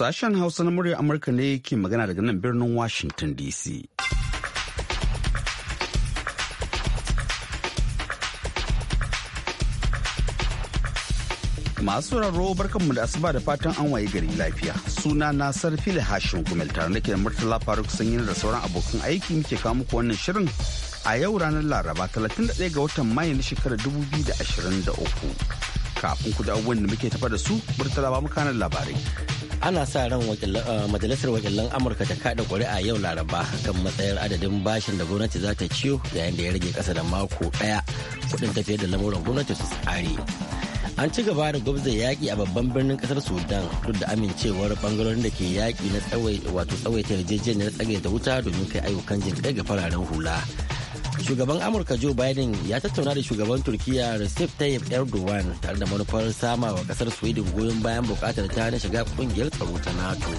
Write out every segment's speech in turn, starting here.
Sashen Hausa na muryar Amurka ne ke magana daga nan birnin Washington DC. Masu raro barkanmu da asuba da fatan an waye gari lafiya. Suna na Sarfili Hashin Gumel tare nake da Murtala Faruk Sanyin da sauran abokan aiki muke kawo muku wannan shirin a yau ranar Laraba 31 ga watan Mayu na shekarar 2023. Kafin ku da abubuwan da muke tafa da su, Murtala ba kanar labarai. ana sa ran eh, majalisar wakilan amurka ta kada kuri'a yau laraba kan matsayar adadin bashin da gwamnati za ta ciyo yayin da ya rage kasa da mako daya kudin tafiyar da lamuran gwamnati su tsari. an ci gaba da gwamnati yaƙi a babban birnin kasar sudan duk da amincewar bangarorin da ke yaƙi na tsawaita yarjejeniyar tsagaita wuta domin kai ayyukan jin ga fararen hula shugaban amurka joe biden ya tattauna da shugaban turkiya recep tayyip erdogan tare da manufar sama wa kasar sweden goyon bayan bukatar ta na shiga kungiyar tsaro ta nato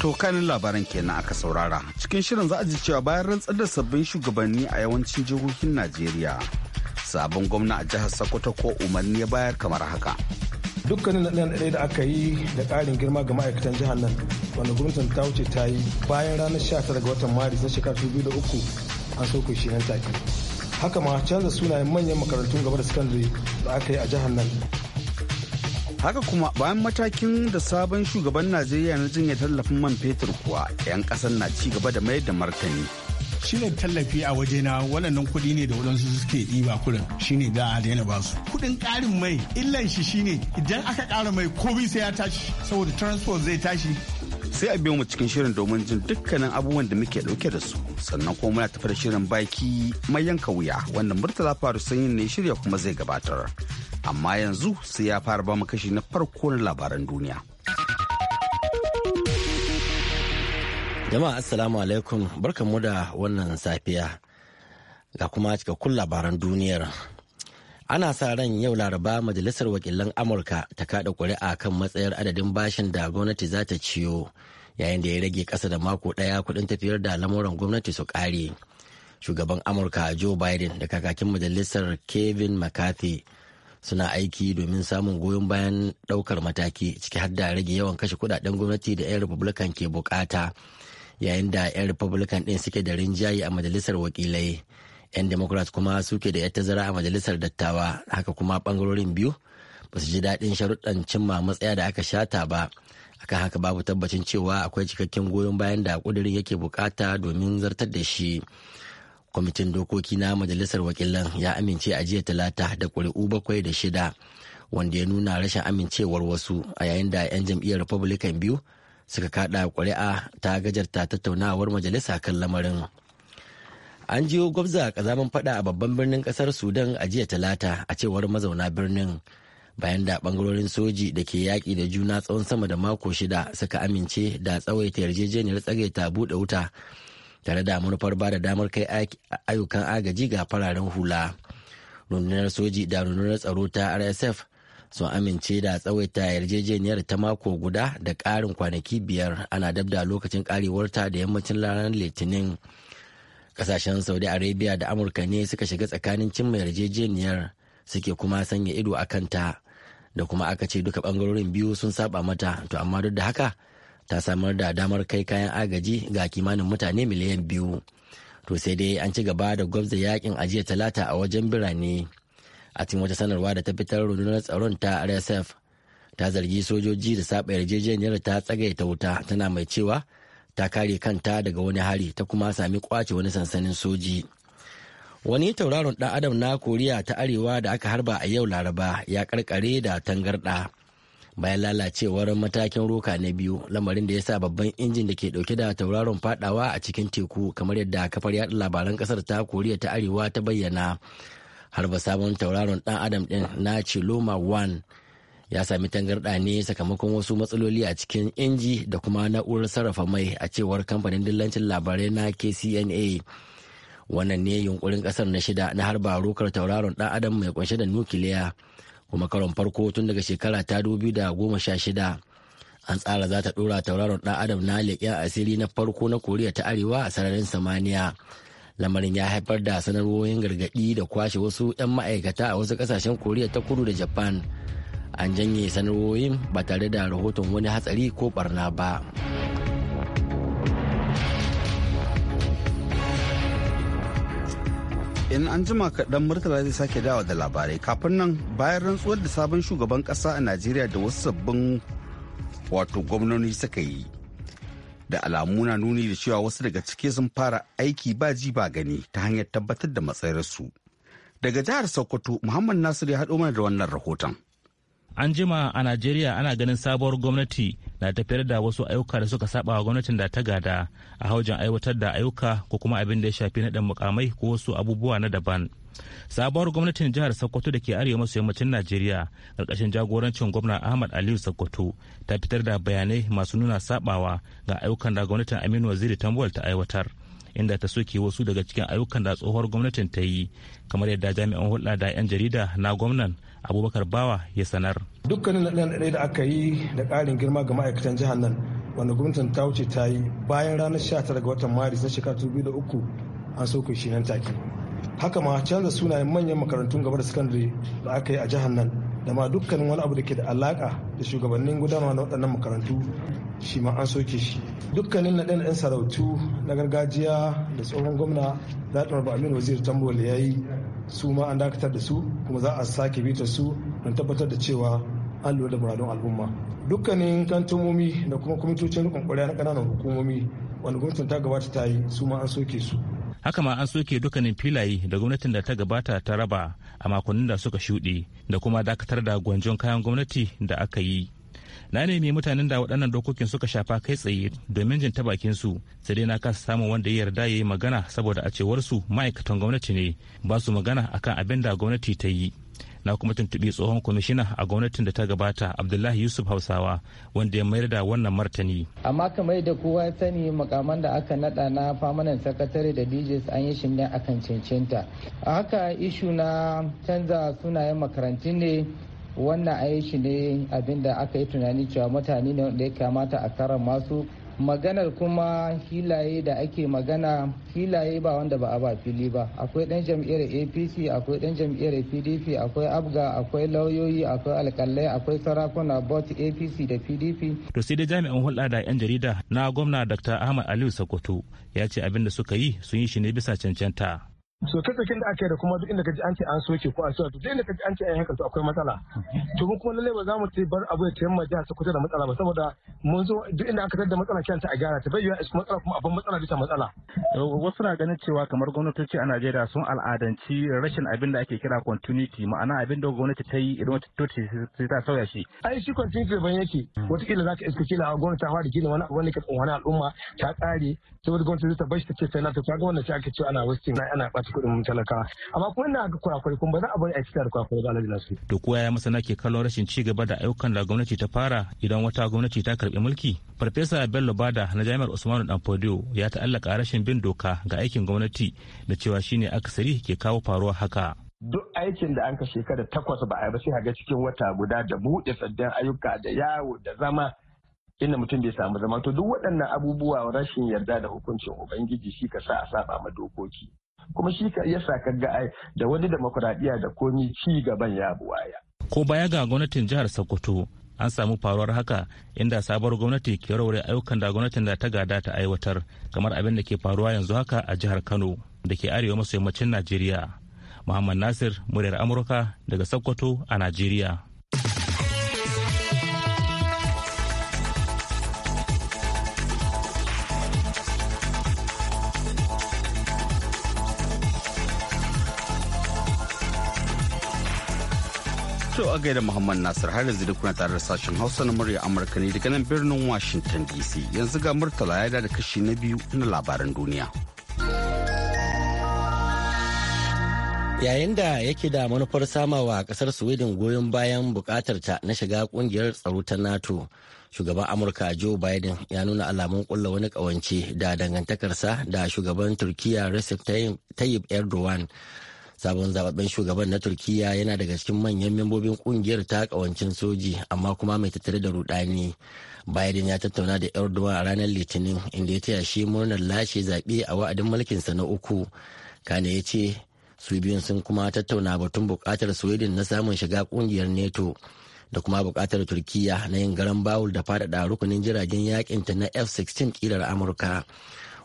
to kanin labaran kenan aka saurara cikin shirin za a ji cewa bayan rantsar da sabbin shugabanni a yawancin jihohin najeriya sabon gwamna a jihar sokoto ko umarni ya bayar kamar haka dukkanin naɗe da aka yi da ƙarin girma ga ma'aikatan jihar nan wanda gwamnatin ta wuce ta yi bayan ranar 19 ga watan maris na shekarar 2003 an sauke shi nan take haka ma canza sunayen manyan makarantun gaba da sakandare da aka yi a jihar nan haka kuma bayan matakin da sabon shugaban najeriya na jinya tallafin man fetur kuwa 'yan kasar na ci gaba da mayar da martani shine tallafi a wajena waɗannan kuɗi ne da waɗansu suke ɗiba kuɗin shine za a daina ba su kuɗin ƙarin mai illan shi shine idan aka ƙara mai komai sai ya tashi saboda transport zai tashi sai a biyo mu cikin shirin domin jin dukkanin abubuwan da muke dauke da su sannan kuma muna tafi da shirin baki mai yanka wuya wanda murtala faru yi ne shirya kuma zai gabatar amma yanzu sai ya fara ba mu kashi na farko na labaran duniya jama'a assalamu alaikum barkanmu da wannan safiya ga kuma cikakkun labaran duniyar ana sa ran yau laraba majalisar wakilan amurka ta kada kuri'a kan matsayar adadin bashin da gwamnati za ta ciyo yayin da ya rage kasa da mako daya kudin tafiyar da lamuran gwamnati su kare shugaban amurka joe biden da kakakin majalisar kevin mccarthy suna aiki domin samun goyon bayan daukar mataki ciki har da rage yawan kashe kudaden gwamnati da 'yan republican ke bukata yayin da 'yan republican din suke da rinjaye a majalisar wakilai 'yan democrat kuma suke da 'yar tazara a majalisar dattawa haka kuma bangarorin biyu ba su ji daɗin sharuɗan cimma matsaya da aka shata ba akan haka babu tabbacin cewa akwai cikakken goyon bayan da ƙudurin yake bukata domin zartar da shi kwamitin dokoki na majalisar wakilan ya amince a jiya talata da ƙuri'u bakwai da shida wanda ya nuna rashin amincewar wasu a yayin da 'yan jam'iyyar republican biyu suka kada ƙuri'a ta gajarta tattaunawar majalisa kan lamarin an jiyo gwabza a kazamin fada a babban birnin kasar sudan a jiya talata a cewar mazauna birnin bayan da bangarorin soji da ke yaƙi da juna tsawon sama da mako shida suka amince da tsawaita yarjejeniyar tsagaita buɗe wuta tare da manufar ba da damar kai ayyukan agaji ga fararen hula rundunar soji da rundunar tsaro ta rsf sun amince da tsawaita yarjejeniyar ta mako guda da ƙarin kwanaki biyar ana dabda lokacin karewarta da yammacin ranar litinin kasashen saudi arabia da amurka ne suka shiga tsakanin cimma yarjejeniyar suke kuma sanya ido a kanta da kuma aka ce duka bangarorin biyu sun saba mata to amma duk da haka ta samar da damar kai kayan agaji ga kimanin mutane miliyan biyu to sai dai an ci gaba da gwabza yakin ajiya talata a wajen birane a cikin wata sanarwa da ta fitar rundunar tsaron ta rsf ta zargi sojoji da saba yarjejeniyar ta tsagaita wuta tana mai cewa ta kare kanta daga wani hari ta kuma sami kwace wani sansanin soji wani tauraron ɗan adam na koriya ta arewa da aka harba a yau laraba ya karkare da tangarɗa? bayan lalacewar matakin roka na biyu lamarin da ya sa babban injin da ke ɗauke da tauraron fadawa a cikin teku kamar yadda kafar yaɗa labaran ƙasar ta koriya ta arewa ta bayyana harba sabon tauraron ɗan adam ɗin na chiloma 1 ya sami tangarɗa ne sakamakon wasu matsaloli a cikin inji da kuma na'urar sarrafa mai a cewar kamfanin dillancin labarai na kcna wannan ne yunkurin ƙasar na shida na harba rokar tauraron ɗan adam mai kunshe da nukiliya kuma karon farko tun daga shekara ta da goma sha shida an tsara za ta ɗora tauraron ɗan adam na leƙen asiri na farko na koriya ta arewa a sararin samaniya lamarin ya haifar da sanarwoyin gargaɗi da kwashe wasu 'yan ma'aikata a wasu ƙasashen koriya ta kudu da japan an janye sanarwoyin ba tare da rahoton wani hatsari ko barna ba in an jima kaɗan murtala zai sake dawa da labarai kafin nan bayan rantsuwar da sabon shugaban ƙasa a najeriya da wasu sabbin wato gwamnoni suka yi da alamu na nuni da cewa wasu daga ciki sun fara aiki ba ji ba gani ta hanyar tabbatar da matsayarsu daga jihar sokoto muhammad nasiru ya haɗo mana da wannan rahoton an jima a najeriya ana ganin sabuwar gwamnati na tafiyar da wasu ayyuka da suka saba wa gwamnatin da ta gada a haujin aiwatar da ayyuka ko kuma abin da ya shafi naɗin mukamai ko wasu abubuwa na daban sabuwar gwamnatin jihar sokoto da ke arewa maso yammacin najeriya ƙarƙashin jagorancin gwamna ahmad aliyu sokoto ta fitar da bayanai masu nuna sabawa ga ayyukan da gwamnatin aminu waziri tambuwal ta aiwatar inda ta soke wasu daga cikin ayyukan da tsohuwar gwamnatin ta yi kamar yadda jami'an hulɗa da 'yan jarida na gwamnan abubakar bawa ya sanar dukkanin naɗe da aka yi da ƙarin girma ga ma'aikatan jihar nan wanda gwamnatin ta wuce ta yi bayan ranar 19 ga watan maris na shekara 2003 an sauke shi nan take haka ma canza sunayen manyan makarantun gaba da sakandare da aka yi a jihar nan da ma dukkanin wani abu da ke da alaka da shugabannin gudanarwa na waɗannan makarantu shi ma an soke shi dukkanin na ɗan sarautu na gargajiya da tsohon gwamna ɗan rabu aminu wazir tambo da ya yi su ma an dakatar da su kuma za a sake bitar su don tabbatar da cewa an lura da muradun al'umma dukkanin kantomomi da kuma kwamitocin rukun ƙwarya na ƙananan hukumomi wanda gwamnatin ta gabata ta yi su ma an soke su haka ma an soke dukkanin filaye da gwamnatin da ta gabata ta raba a makonnin da suka shuɗe da kuma dakatar da gwanjon kayan gwamnati da aka yi na nemi mutanen da waɗannan dokokin suka shafa kai tsaye domin jin ta bakin su sai dai na kasa samun wanda ya yarda ya yi magana saboda a cewar su ma'aikatan gwamnati ne ba su magana akan abin da gwamnati ta yi na kuma tuntuɓi tsohon kwamishina a gwamnatin da ta gabata abdullahi yusuf hausawa wanda ya mayar da wannan martani amma kamar yadda kowa ya sani makaman da aka naɗa na famanan sakatare da djs an yi shimne akan cancanta a haka ishu na canza sunayen makarantun ne wannan a ne abinda aka yi tunani cewa mutane ne wanda ya kamata a karan masu maganar kuma filaye da ake magana filaye ba wanda ba a ba fili ba akwai dan jam'iyyar apc akwai dan jam'iyyar pdp akwai abga akwai lauyoyi akwai alkalai akwai sarakuna bot apc da pdp to sai dai jami'an hulɗa da 'yan jarida na gwamna dr ahmad aliyu sokoto ya ce abin da suka yi sun yi shi ne bisa cancanta ta tsakin da aka yi da kuma duk inda kaji an ce an soke ko an soke duk inda kaji an ce an haka to akwai matsala to mun kuma lalle ba za mu ce bar abu ya tayyama jihar Sokoto da matsala ba saboda mun zo duk inda aka tada matsala kyanta a gyara ta bayyana isu matsala kuma abin matsala bisa matsala eh, wasu na ganin cewa kamar gwamnatoci a Najeriya sun al'adanci rashin abin da ake kira continuity ma'ana abin da gwamnati ta yi idan wata toce sai ta sauya shi ai shi continuity ban yake wataƙila za ka iska kila gwamnati ta fara gina wani abu wani al'umma ta tsare saboda gwamnati ta bashi ta ce sai na ta kaga gwamnati ake ce ana wasu ana ɓata ci talakawa amma kuma ina ga kurakurai kuma ba za a bari a cikin kurakurai ba alhaji nasu. to ko yaya masana ke kallon rashin ci gaba da ayyukan da gwamnati ta fara idan wata gwamnati ta karɓi mulki farfesa bello bada na jami'ar usmanu danfodiyo ya ta'allaka rashin bin doka ga aikin gwamnati da cewa shine akasari ke kawo faruwa haka. duk aikin da an ka shekara takwas ba a yi ba sai ga cikin wata guda da buɗe sabbin ayyuka da yawo da zama inda mutum bai samu zama to duk waɗannan abubuwa rashin yarda da hukuncin ubangiji shi ka sa a saba ma dokoki kuma shi ka sa ka ga da wani demokuraɗiyya da komi ci gaban ya buwaya. Ko baya ga gwamnatin jihar Sokoto an samu faruwar haka inda sabuwar gwamnati ke raure ayyukan da gwamnatin da ta gada ta aiwatar kamar abin da ke faruwa yanzu haka a jihar Kano da ke arewa maso yammacin Najeriya. Muhammad Nasir, muryar Amurka daga Sokoto a Najeriya. To a gaida Muhammad Nasir har yanzu kuna tare da sashen Hausa na murya Amurka ne daga nan birnin Washington DC. Yanzu ga Murtala ya da kashi na biyu na labaran duniya. Yayin da yake da manufar samawa kasar Sweden goyon bayan bukatarta na shiga kungiyar tsaro ta NATO, shugaban Amurka Joe Biden ya nuna alamun kulla wani kawance da dangantakarsa da shugaban Turkiyya Recep Tayyip Erdogan. sabon zababben shugaban na turkiya yana daga cikin manyan membobin kungiyar ta kawancin soji amma kuma mai tattare da rudani biden ya tattauna da erdogan a ranar litinin inda ya taya shi murnar lashe zaɓe a wa'adin mulkinsa na uku kane ya ce su biyun sun kuma tattauna batun buƙatar sweden na samun shiga kungiyar neto da kuma buƙatar turkiya na yin garan bawul da faɗaɗa rukunin jiragen yakin ta na f-16 ƙirar amurka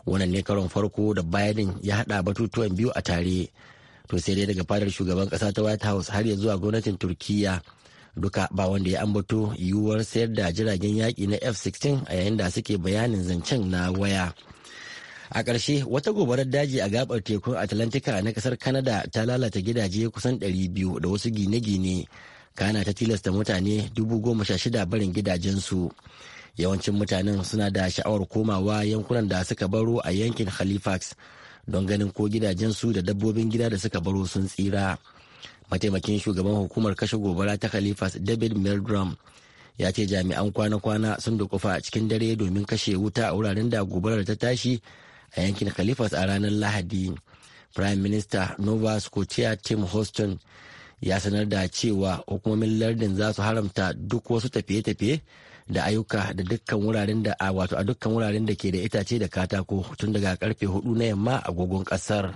wannan ne karon farko da biden ya haɗa batutuwan biyu a tare to sai dai daga fadar shugaban kasa ta white house har ya zuwa gwamnatin turkiya duka ba wanda ya ambato yiwuwar sayar da jiragen yaki na f-16 a yayin da suke bayanin zancen na waya a ƙarshe wata gobarar daji a gabar tekun atlantika na ƙasar kanada ta lalata gidaje kusan 200 da wasu gine-gine kana ta tilasta mutane 16,000 barin gidajensu yawancin mutanen suna da sha'awar komawa yankunan da suka baro a yankin halifax don ganin ko gidajen su da dabbobin gida da suka baro sun tsira mataimakin shugaban hukumar kashe gobara ta khalifas david meldrum ya ce jami'an kwana-kwana sun dukufa a cikin dare domin kashe wuta a wuraren da gobarar ta tashi a yankin khalifas a ranar lahadi prime minister nova scotia tim houston ya sanar da cewa hukumomin lardin za su haramta duk wasu tafiye-tafiye da ayyuka da dukkan wuraren da a wato a dukkan wuraren da ke da itace da katako tun daga karfe hudu na yamma a gogon kasar.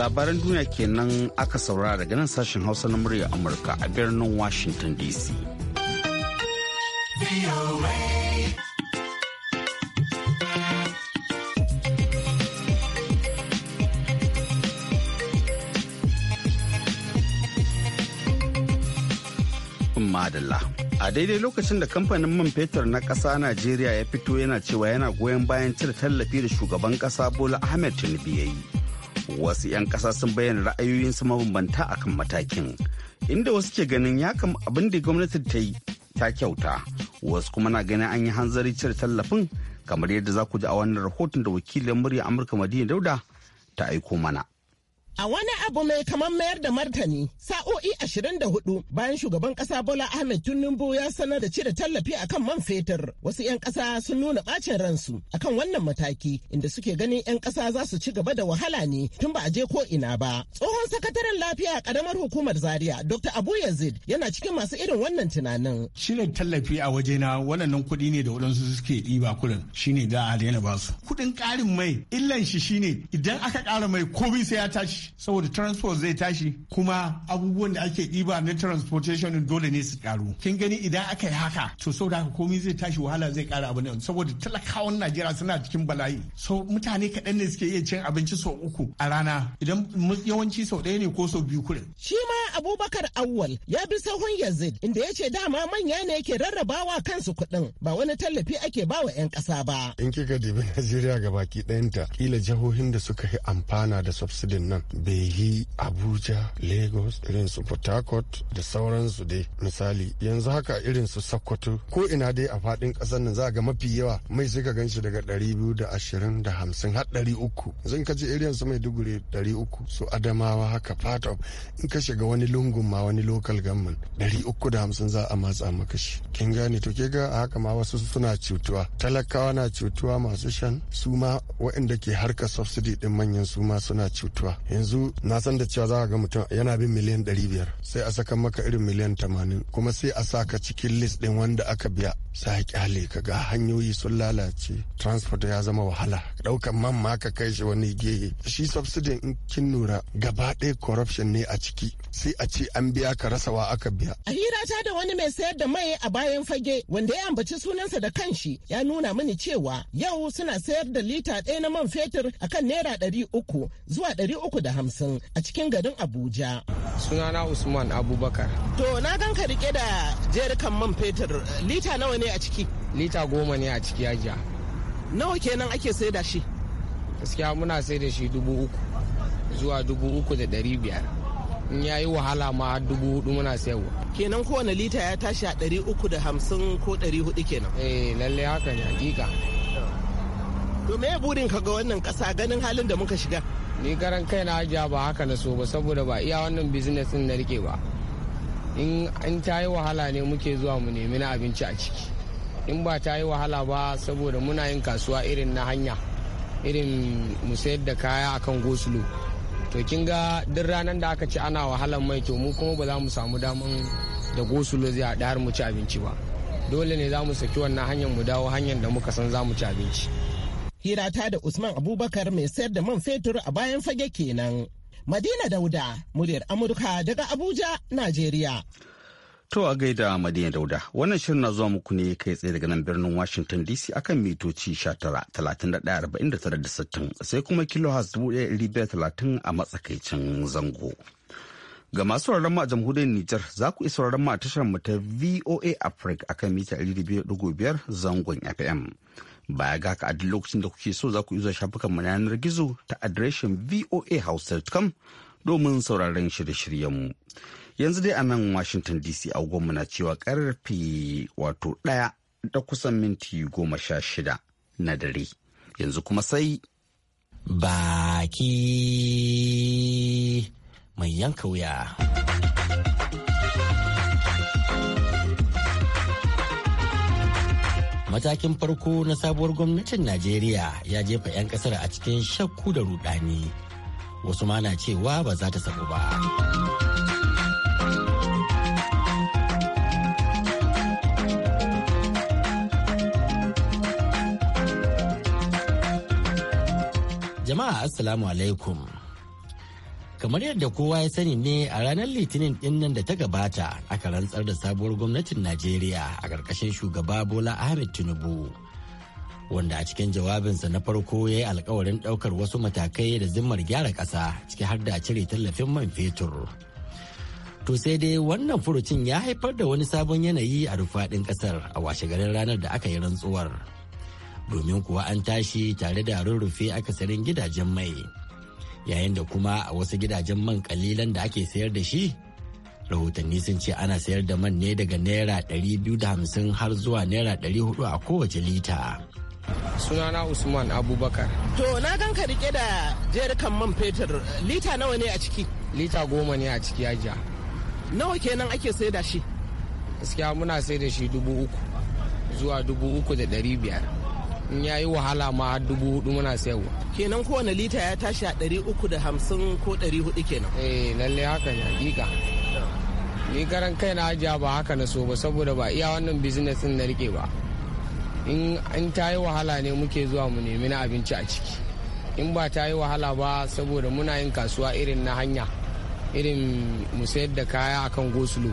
labaran duniya kenan aka saurara daga nan sashen hausa na murya amurka a birnin washington dc a daidai lokacin da kamfanin man fetur na ƙasa najeriya ya fito yana cewa yana goyon bayan cire tallafi da shugaban ƙasa bola ahmed tinubu ya yi wasu 'yan ƙasa sun bayyana ra'ayoyinsu mabambanta akan matakin inda wasu ke ganin ya kam abin da gwamnati ta yi ta kyauta wasu kuma na ganin an yi hanzari cire tallafin kamar yadda za ku ji a wannan rahoton da wakilin murya amurka madina dauda ta aiko mana A wani abu mai kamar mayar da martani sa'o'i 24 bayan shugaban kasa Bola Ahmed Tinubu ya sanar da cire tallafi akan man fetur wasu 'yan kasa sun nuna bacin ransu akan wannan mataki inda suke ganin 'yan kasa za su ci gaba da wahala ne tun ba a je ko ina ba. Tsohon sakataren lafiya a karamar hukumar Zaria Dr. Abu Yazid yana cikin masu irin wannan tunanin. Cire tallafi a wajena wannan kuɗi ne da waɗansu suke ɗiba kuɗin shine da a daina basu. Kuɗin ƙarin mai illan shi shine idan aka ƙara mai komai sai ya tashi. saboda transport zai tashi kuma abubuwan da ake ɗiba na transportation dole ne su karu kin gani idan aka yi haka to saboda haka komai zai tashi wahala zai kara abu ne saboda talakawan Najeriya suna cikin bala'i so mutane kaɗan ne suke iya cin abinci sau uku a rana idan yawanci sau ɗaya ne ko sau biyu kurin. Shi ma Abubakar Awwal ya bi sahun Yazid inda ya ce dama manya ne ke rarrabawa kansu kuɗin ba wani tallafi ake ba wa 'yan ƙasa ba. In kika dibi Najeriya ga baki ɗayanta kila jihohin da suka yi amfana da subsidin nan behi abuja lagos irin su port harcourt da sauransu dai misali yanzu haka irin su sokoto ko ina dai a faɗin ƙasar nan za ga mafi yawa mai suka ka ganshi daga 220 biyu da ashirin da har 300. uku zan kace irin su maiduguri ɗari uku su adamawa haka fata in ka shiga wani lungun ma wani local government 350 uku za a matsa maka shi kin gane to ke ga haka ma wasu suna cutuwa talakawa na cutuwa masu shan su ma waɗanda ke harka subsidy ɗin manyan su ma suna cutuwa yanzu na san da cewa za ga mutum yana bin miliyan 500 sai a saka maka irin miliyan 80 kuma sai a saka cikin list din wanda aka biya sai a kyale ka ga hanyoyi sun lalace transport ya zama wahala daukan man ma ka kai shi wani gehe shi subsidy in kin nura gaba ɗaya corruption ne a ciki sai a ce an biya ka rasawa aka biya a hira ta da wani mai sayar da mai a bayan fage wanda ya ambaci sunansa da kanshi ya nuna mini cewa yau suna sayar da lita ɗaya na man fetur akan naira ɗari uku zuwa ɗari uku da da hamsin a cikin garin Abuja. Sunana Usman Abubakar. To na gan ka rike da jerikan man fetur lita nawa ne a ciki? Lita goma ne a ciki ajiya. Nawa kenan ake sai da shi? Gaskiya muna sai da shi dubu uku zuwa dubu uku da dari biyar. In ya yi wahala ma dubu hudu muna sayarwa. Kenan kowane lita ya tashi a dari uku da hamsin ko dari hudu kenan. Eh lallai haka ne hakika. to me burin ka ga wannan kasa ganin halin da muka shiga ni garan kai na hajiya ba haka na so ba saboda ba iya wannan business din na rike ba in an ta yi wahala ne muke zuwa mu nemi na abinci a ciki in ba ta yi wahala ba saboda muna yin kasuwa irin na hanya irin mu sayar da kaya akan gosulo to kin ga duk ranar da aka ci ana wahalar mai to mu kuma ba za mu samu daman da gosulo zai haɗa har mu ci abinci ba dole ne za mu saki wannan hanyar mu dawo hanyar da muka san za mu ci abinci Hirata da Usman Abubakar mai sayar da man fetur a bayan fage kenan. Madina Dauda, muryar Amurka daga Abuja, Najeriya. To a gaida Madina Dauda, wannan shirin na zuwa muku ne kai tsaye daga nan birnin Washington DC akan mitoci 19,31,49,60 sai kuma kilohertz a matsakaicin zango. Ga masu sauraron ma a jamhuriyar Nijar za ku isa sauraron ma tashar mu ta VOA Africa akan mita 200.5 zangon FM. Baya ga haka a duk lokacin da kuke so za ku zuwa shafukan mu na yanar gizo ta adireshin voahouse.com domin sauraron shirye-shiryenmu. Yanzu dai a nan Washington DC agogonmu na cewa karfe wato ɗaya da kusan minti goma sha shida na dare. Yanzu kuma sai baki mai yanka wuya. matakin farko na sabuwar gwamnatin najeriya ya jefa 'yan kasar a cikin shakku da rudani wasu ma na cewa ba za ta sabu ba jama'a assalamu alaikum kamar yadda kowa ya sani ne a ranar litinin dinnan da ta gabata aka rantsar da sabuwar gwamnatin najeriya a ƙarƙashin shugaba bola ahmed tinubu wanda a cikin jawabinsa na farko ya yi alkawarin ɗaukar wasu matakai da zimmar gyara ƙasa ciki har da cire tallafin man fetur to sai dai wannan furucin ya haifar da wani sabon yanayi a rufaɗin ƙasar a washe garin ranar da aka yi rantsuwar domin kuwa an tashi tare da rurrufe akasarin gidajen mai yayin da kuma a wasu gidajen man kalilan da ake sayar da shi rahotanni sun ce ana sayar da man ne daga naira 250 har zuwa naira 400 a kowace lita sunana usman abubakar to na gan ka rike da jerikan man fetur lita nawa ne a ciki lita goma ne a ciki ajiya nawa kenan ake sai da shi gaskiya muna sai da shi dubu uku zuwa dubu uku da dari biyar in ya yi wahala ma dubu hudu muna sayarwa kenan kowane lita ya tashi a ɗari uku da hamsin ko ɗari hudu kenan eh lalle haka ne hakika ni karan kai na ajiya ba haka na so ba saboda ba iya wannan business na rike ba in ta yi wahala ne muke zuwa mu nemi na abinci a ciki in ba ta yi wahala ba saboda muna yin kasuwa irin na hanya irin mu sayar da kaya akan gosulo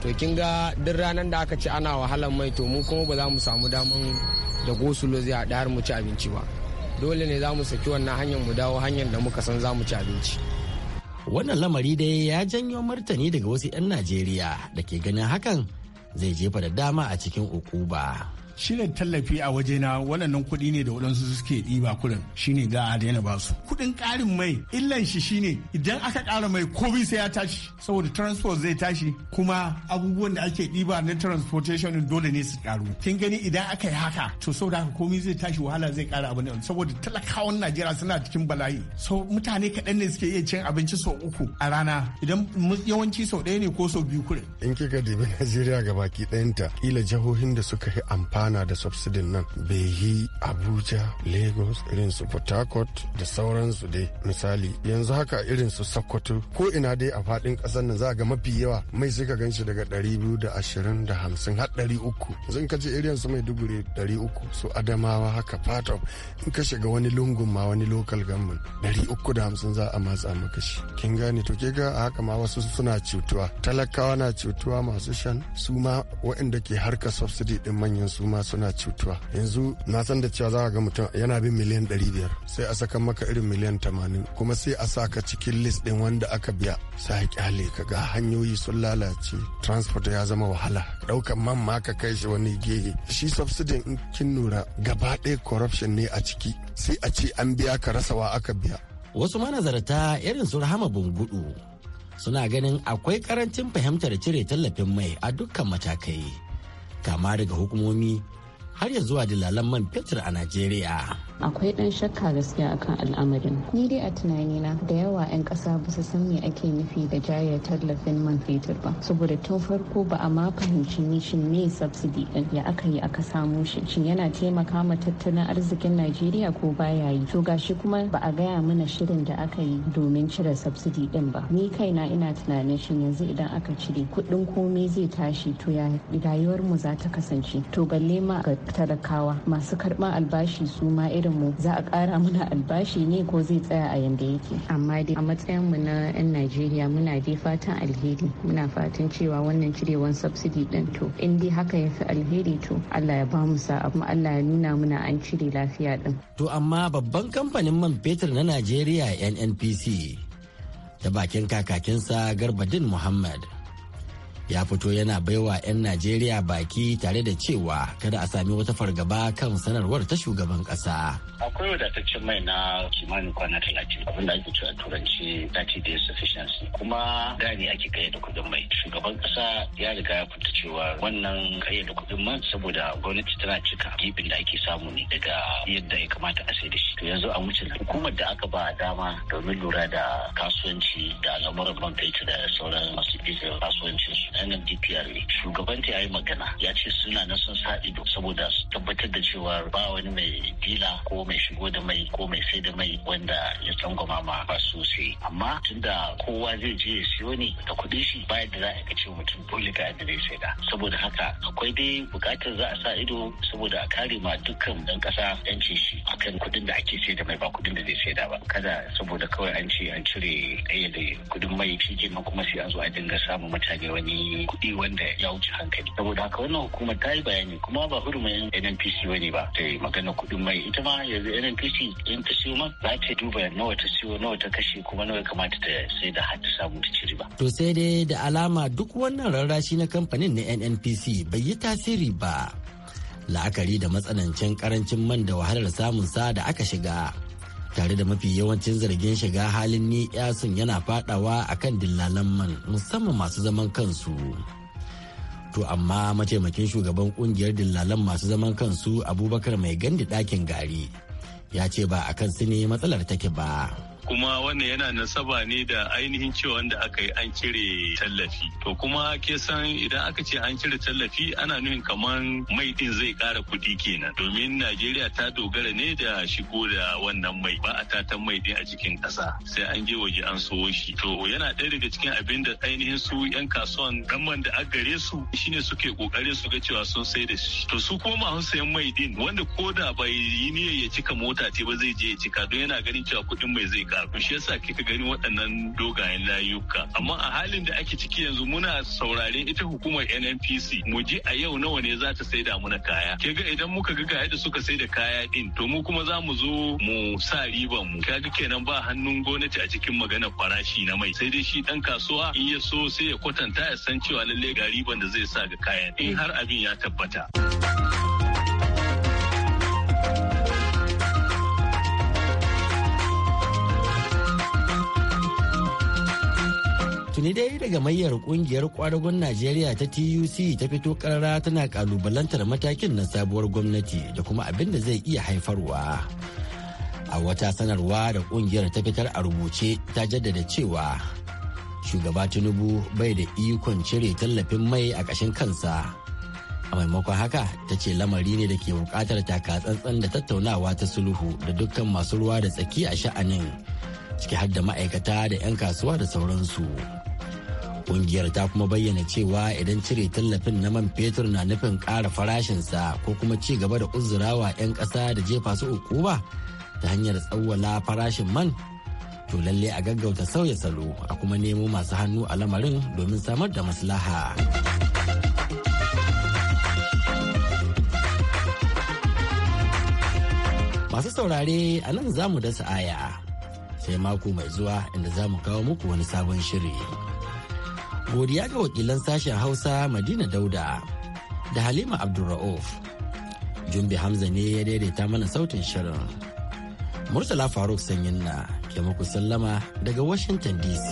to kin ga duk ranar da aka ci ana wahalar mai to mu kuma ba za mu samu daman da gosulo zai haɗa har mu ci abinci ba dole ne za mu saki wannan hanyar mu dawo hanyar da muka san za mu ci abinci wannan lamari dai ya janyo martani daga wasu 'yan najeriya da ke ganin hakan zai jefa da dama a cikin ukuba. shine tallafi a waje na wannan kuɗi ne da waɗansu suke ɗiba kuɗin shine da a daina ba su kuɗin ƙarin mai illan shi shine idan aka ƙara mai kobi sai ya tashi saboda transport zai tashi kuma abubuwan da ake ɗiba na transportation dole ne su ƙaru kin gani idan aka yi haka to saboda haka komai zai tashi wahala zai ƙara abin ne saboda talakawan Najeriya suna cikin bala'i so mutane kaɗan ne suke iya cin abinci sau uku a rana idan yawanci sau ɗaya ne ko sau biyu kuɗin in kika dibi Najeriya gabaki ɗayanta kila jihohin da suka yi amfani amfana da subsidin nan behi abuja lagos irin su port harcourt da sauransu dai misali yanzu haka irin su sokoto ko ina dai a faɗin ƙasar nan za ga mafi yawa mai sai ka gan shi daga 220 da har 300 zan kaji irin su mai dubure 300 su adamawa haka fata in ka shiga wani lungun ma wani local government 350 za a matsa maka shi kin gane to ke ga haka ma wasu suna cutuwa talakawa na cutuwa masu shan su ma waɗanda ke harka subsidy din manyan suma. suna cutuwa yanzu na san da cewa za ga mutum yana bin miliyan 500 sai a saka maka irin miliyan 80 kuma sai a sa ka cikin list din wanda aka biya sai a kyale ka ga hanyoyi sun lalace transport ya zama wahala daukan man ma ka kai shi wani gehe shi subsidy in kin nura gaba ɗaya corruption ne a ciki sai a ce an biya ka rasawa aka biya wasu manazarta irin su rahama bungudu suna ganin akwai karancin fahimtar cire tallafin mai a dukkan matakai kama daga hukumomi har ya zuwa dilalan man fetur a Najeriya. akwai dan shakka gaskiya akan al'amarin ni dai a tunanina da yawa 'yan ƙasa ba su san me ake nufi da jayar tallafin man fetur ba saboda tun farko ba a ma fahimci mishin ne subsidy din ya aka yi aka samu shi shin yana taimaka ma tattalin arzikin najeriya ko baya yi to gashi kuma ba a gaya mana shirin da aka yi domin cire subsidy din ba ni kaina ina tunanin shin yanzu idan aka cire kuɗin komai zai tashi to ya rayuwar mu za ta kasance to balle ma ga talakawa masu karɓar albashi su ma irin mu za a kara mana albashi ne ko zai tsaya a yanda yake amma dai a matsayin mu na 'yan najeriya muna dai fatan alheri muna fatan cewa wannan cirewan subsidy din to in dai haka ya fi alheri to allah ya ba mu sa'a kuma allah ya nuna muna an cire lafiya din to amma babban kamfanin man fetur na najeriya nnpc da bakin kakakinsa garbadin muhammad ya fito yana baiwa 'yan najeriya baki tare da cewa kada a sami wata fargaba kan sanarwar ta shugaban kasa akwai wadataccen mai na kimanin kwana talatin abin da ake cewa turanci 30 days sufficiency kuma gani ake da kudin mai shugaban kasa ya riga ya fita cewa wannan da kudin man saboda gwamnati tana cika gibin da ake samu ne daga yadda ya kamata a sai da shi to yanzu a wuce hukumar da aka ba dama domin lura da kasuwanci da al'amuran bankai da sauran masu bizar kasuwancin su NMDPR ne shugabanta ya yi magana ya ce suna na sun sa ido saboda su tabbatar da cewa ba wani mai dila ko mai shigo da mai ko mai sai da mai wanda ya san tsangwama ma ba su sai amma tunda kowa zai je ya siyo ne da kuɗin shi ba da za a ce mutum dole ga yadda zai sai da saboda haka akwai dai buƙatar za a sa ido saboda a kare ma dukkan dan ƙasa yancin shi akan kuɗin da ake sai da mai ba kuɗin da zai sai da ba kada saboda kawai an ce an cire ɗaya da kuɗin mai shi kenan kuma sai an zo a dinga samun mutane wani kuɗi wanda ya wuce hankali saboda haka wannan hukumar ta yi bayani kuma ba hurumin nnpc ne ba ta yi magana kuɗin mai ita ma yanzu nnpc in ta siyo man za ta duba nawa ta siyo nawa ta kashe kuma nawa kamata ta sai da har ta samu ta ciri ba. to sai dai da alama duk wannan rarrashi na kamfanin na nnpc bai yi tasiri ba la'akari da matsanancin karancin man da wahalar samun sa da aka shiga. tare da mafi yawancin zargin shiga halin ni yasin yana fadawa akan dillalan man musamman masu zaman kansu to amma mataimakin shugaban kungiyar dillalan masu zaman kansu abubakar mai gandi dakin gari ya ce ba a kan su ne matsalar take ba. kuma wannan yana nasaba ne da ainihin cewa wanda aka yi an cire tallafi to kuma ke san idan aka ce an cire tallafi ana nufin kamar mai din zai kara kuɗi kenan domin najeriya ta dogara ne da shigo da wannan mai ba a tatan mai din a cikin kasa sai an je waje an sowo shi to yana ɗaya daga cikin abin da ainihin su yan kasuwan gamman da aka gare su shine suke kokarin su ga cewa sun sai da shi to su kuma masu sayan mai din wanda ko da bai yi niyyar ya cika mota ce ba zai je ya cika don yana ganin cewa kuɗin mai zai kara ku shi yasa kika gani waɗannan dogayen layuka amma a halin da ake ciki yanzu muna sauraren ita hukumar NNPC mu ji a yau nawa ne za ta saida muna kaya ke ga idan muka ga yadda suka saida kaya din to mu kuma za mu zo mu sa riban mu kaga kenan ba hannun gwamnati a cikin magana farashi na mai sai dai shi dan kasuwa in ya so sai ya kwatanta ya san cewa lalle ga riban da zai sa ga kayan in eh, har abin ya tabbata. tuni dai daga mayyar kungiyar kwadagon najeriya ta tuc ta fito karara tana kalubalantar matakin na sabuwar gwamnati da kuma abin da zai iya haifarwa a wata sanarwa da kungiyar ta fitar a rubuce ta jaddada cewa shugaba tinubu bai da ikon cire tallafin mai a ƙashin kansa a maimakon haka ta ce lamari ne da ke bukatar takatsantsan da tattaunawa ta sulhu da dukkan masu ruwa da tsaki a sha'anin ciki har da ma'aikata da 'yan kasuwa da sauransu. Kungiyar ta kuma bayyana cewa idan cire tallafin na man fetur na nufin ƙara farashinsa ko kuma ci gaba da uzurawa 'yan ƙasa da jefa su uku ba ta hanyar tsawwala farashin man to lalle a gaggauta sauya salo a kuma nemo masu hannu a lamarin domin samar da maslaha. Masu saurare a nan za mu dasa aya sai mako mai zuwa inda za mu kawo muku wani sabon shiri. godiya ga wakilan sashen hausa madina dauda da halima abdulra'uf jumbi hamza ne ya daidaita mana sautin shirin murtala faruk sanyin na ke muku sallama daga washington dc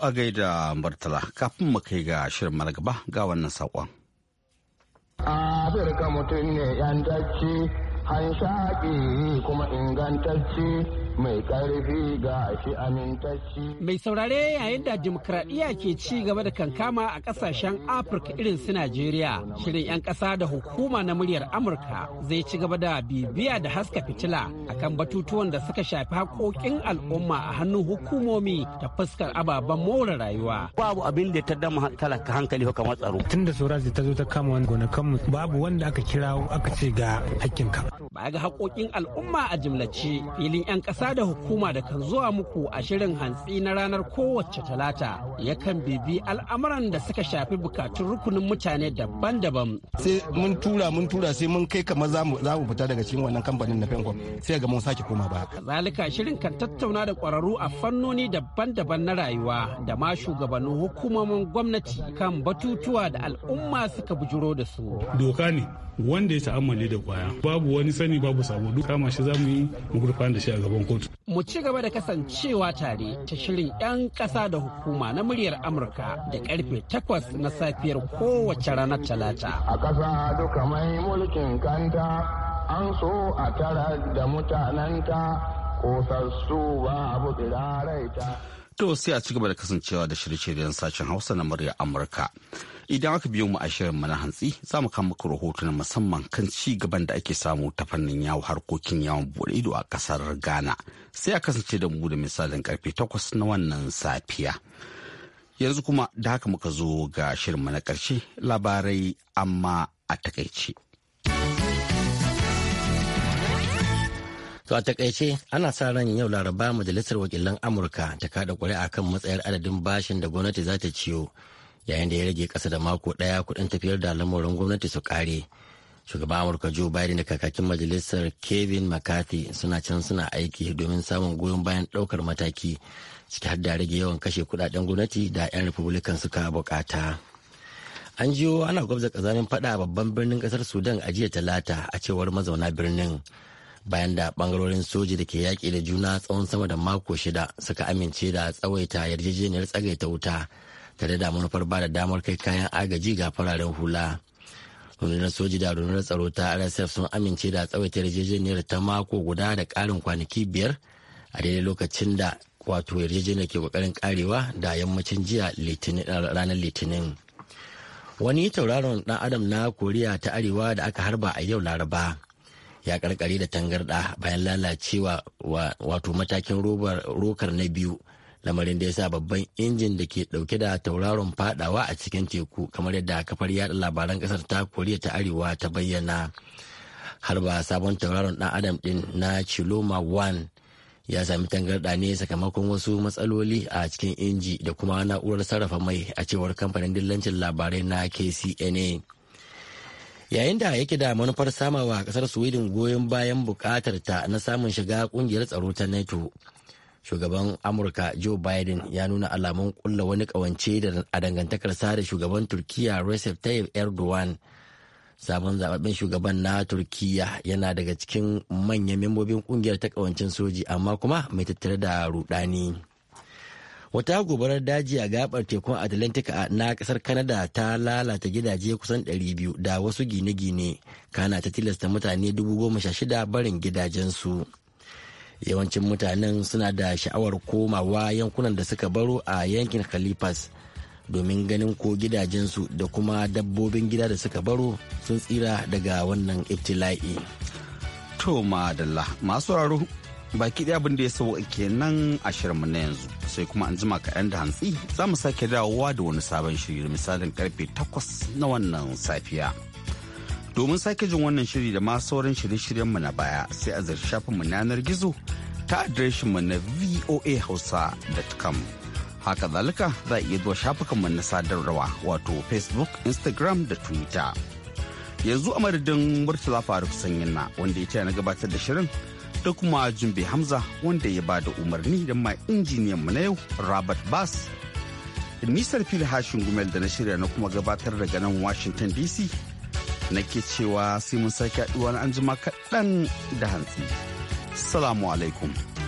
a gaida Murtala kafin mu kai ga shirin malagaba ga wannan saƙon. Afirka mutum ne 'yantacci, hanshaƙi kuma ingantacci. mai ƙarfi ga shi amintacci. Mai saurare yayin da dimokuraɗiyya ke ci gaba da kankama a ƙasashen Afirka irin su Najeriya, shirin 'yan ƙasa da hukuma na muryar Amurka zai ci gaba da bibiya da haska fitila akan batutuwan da suka shafi haƙoƙin al'umma a hannun hukumomi da fuskar ababen more rayuwa. Babu abin da ta dama talaka hankali ko kamar tsaro. Tun da ta zo ta kama wani gonakanmu babu wanda aka kira aka ce ga hakkinka. Ba ga haƙoƙin al'umma a jimlace filin 'yan ƙasa ƙasa da hukuma da kan zuwa muku a shirin hantsi na ranar kowace talata yakan bibi al'amuran da suka shafi bukatun rukunin mutane daban-daban. Sai mun tura mun tura sai mun kai kamar za mu fita daga cikin wannan kamfanin na Fenkom sai ga mun sake koma ba. Zalika shirin kan tattauna da ƙwararru a fannoni daban-daban na rayuwa da ma shugabannin hukumomin gwamnati kan batutuwa da al'umma suka bujuro da su. Doka ne wanda ya ta'ammali da kwaya babu wani sani babu sabo duk kama shi za mu yi mu gurfana da shi a gaban kotu. Mu ci gaba da kasancewa tare ta shirin 'yan ƙasa da hukuma na muryar Amurka da karfe takwas na safiyar kowace ranar Talata. A ƙasa duka mai mulkin kanta an so a tara da mutanenta su ba abu To sai a ci gaba da kasancewa da shirye-shiryen sashen Hausa na murya Amurka. Idan aka biyo mu a shirin mana hantsi za mu kama rahoto na musamman kan ci gaban da ake samu ta fannin yawo harkokin yawon buɗe ido a ƙasar Ghana. Sai a kasance da mu da misalin karfe takwas na wannan safiya. Yanzu kuma da haka muka zo ga shirin na ƙarshe labarai amma a takaice. To a takaice ana sa ran yau laraba majalisar wakilan Amurka ta kada kuri'a kan matsayar adadin bashin da gwamnati za ta ciyo yayin da ya rage kasa da mako daya kudin tafiyar da lamurin gwamnati su kare. Shugaban Amurka Joe Biden da kakakin majalisar Kevin McCarthy suna can suna aiki domin samun goyon bayan daukar mataki ciki har da rage yawan kashe kudaden gwamnati da 'yan Republican suka bukata. An jiyo ana gwabza kazamin fada a babban birnin kasar Sudan a jiya talata a cewar mazauna birnin. bayan da bangarorin soji da ke yaƙi da juna tsawon sama da mako shida suka amince da tsawaita yarjejeniyar tsagaita wuta tare da manufar ba da damar kai kayan agaji ga fararen hula rundunar soji da rundunar tsaro ta rsf sun amince da tsawaita yarjejeniyar ta mako guda da ƙarin kwanaki biyar a daidai lokacin da wato yarjejeniyar ke kokarin karewa da yammacin jiya ranar litinin wani tauraron dan adam na koriya ta arewa da aka harba a yau laraba ya karkare da tangarɗa bayan lalacewa wato matakin rokar na biyu lamarin da ya sa babban injin da ke dauke da tauraron fadawa a cikin teku kamar yadda kafar yada labaran kasar ta koriya ta arewa ta bayyana har ba sabon tauraron dan adam din na chiloma 1 ya sami tangarɗa ne sakamakon wasu matsaloli a cikin inji da kuma na'urar sarrafa mai a cewar kamfanin dillancin labarai na kcna yayin da yake da manufar samawa kasar sweden goyon bayan bukatar ta na samun shiga kungiyar tsaro ta nato shugaban amurka joe biden ya nuna alamun kulla wani kawance da a dangantakarsa da shugaban turkiya recep tayyip erdogan sabon zababben shugaban na turkiya yana daga cikin manyan membobin kungiyar ta kawancin soji amma kuma mai tattare da rudani. wata gobarar daji a gabar tekun atlantic na kasar Kanada ta lalata gidaje kusan 200 da wasu gine-gine kana ta tilasta mutane 16,000 barin gidajensu yawancin mutanen suna da sha'awar komawa yankunan da suka baro a yankin khalifas domin ganin ko gidajensu da kuma dabbobin gida da suka baro sun tsira daga wannan ibtila'i. to madalla masu raro baki ɗaya abin da ya sauka nan a shirinmu na yanzu sai kuma an jima kaɗan da hantsi za mu sake dawowa da wani sabon shiri da misalin karfe 8 na wannan safiya domin sake jin wannan shiri da masu sauran shirye-shiryenmu na baya sai a ziyarci shafinmu na yanar gizo ta adireshinmu na voahausa.com haka zalika za a iya zuwa shafukanmu na sadarwa wato facebook instagram da twitter yanzu a madadin murtala faruk sanyin na wanda ya ce na gabatar da shirin da kuma Jumbe Hamza wanda ya ba da umarni da ma injiniyan mu na yau Robert Bass. Nisar fil hashin gumel da na shirya na kuma gabatar daga nan Washington DC nake cewa sai mun sake haɗuwa na anjima kaɗan da hantsi. Salamu alaikum.